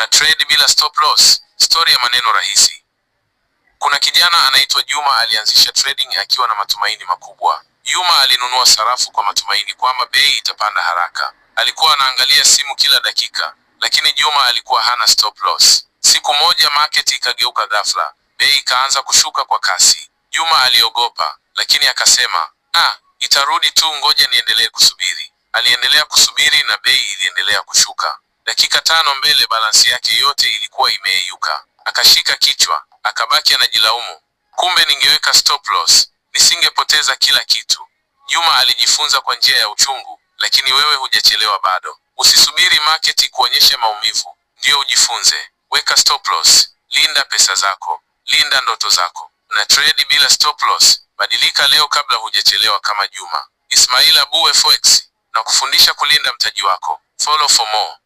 Kuna trade bila stop loss. Stori ya maneno rahisi. Kuna kijana anaitwa Juma alianzisha trading akiwa na matumaini makubwa. Juma alinunua sarafu kwa matumaini kwamba bei itapanda haraka. Alikuwa anaangalia simu kila dakika, lakini Juma alikuwa hana stop loss. Siku moja market ikageuka ghafla, bei ikaanza kushuka kwa kasi. Juma aliogopa, lakini akasema, ah, itarudi tu, ngoja niendelee kusubiri. Aliendelea kusubiri na bei iliendelea kushuka. Dakika tano mbele, balansi yake yote ilikuwa imeyeyuka. Akashika kichwa, akabaki anajilaumu. Kumbe ningeweka stop loss, nisingepoteza kila kitu. Juma alijifunza kwa njia ya uchungu, lakini wewe hujachelewa bado. Usisubiri market kuonyesha maumivu ndiyo ujifunze. Weka stop loss, linda pesa zako, linda ndoto zako. Na trade bila stop loss. Badilika leo kabla hujachelewa, kama Juma. Ismail Abu Forex na kufundisha kulinda mtaji wako. Follow for more.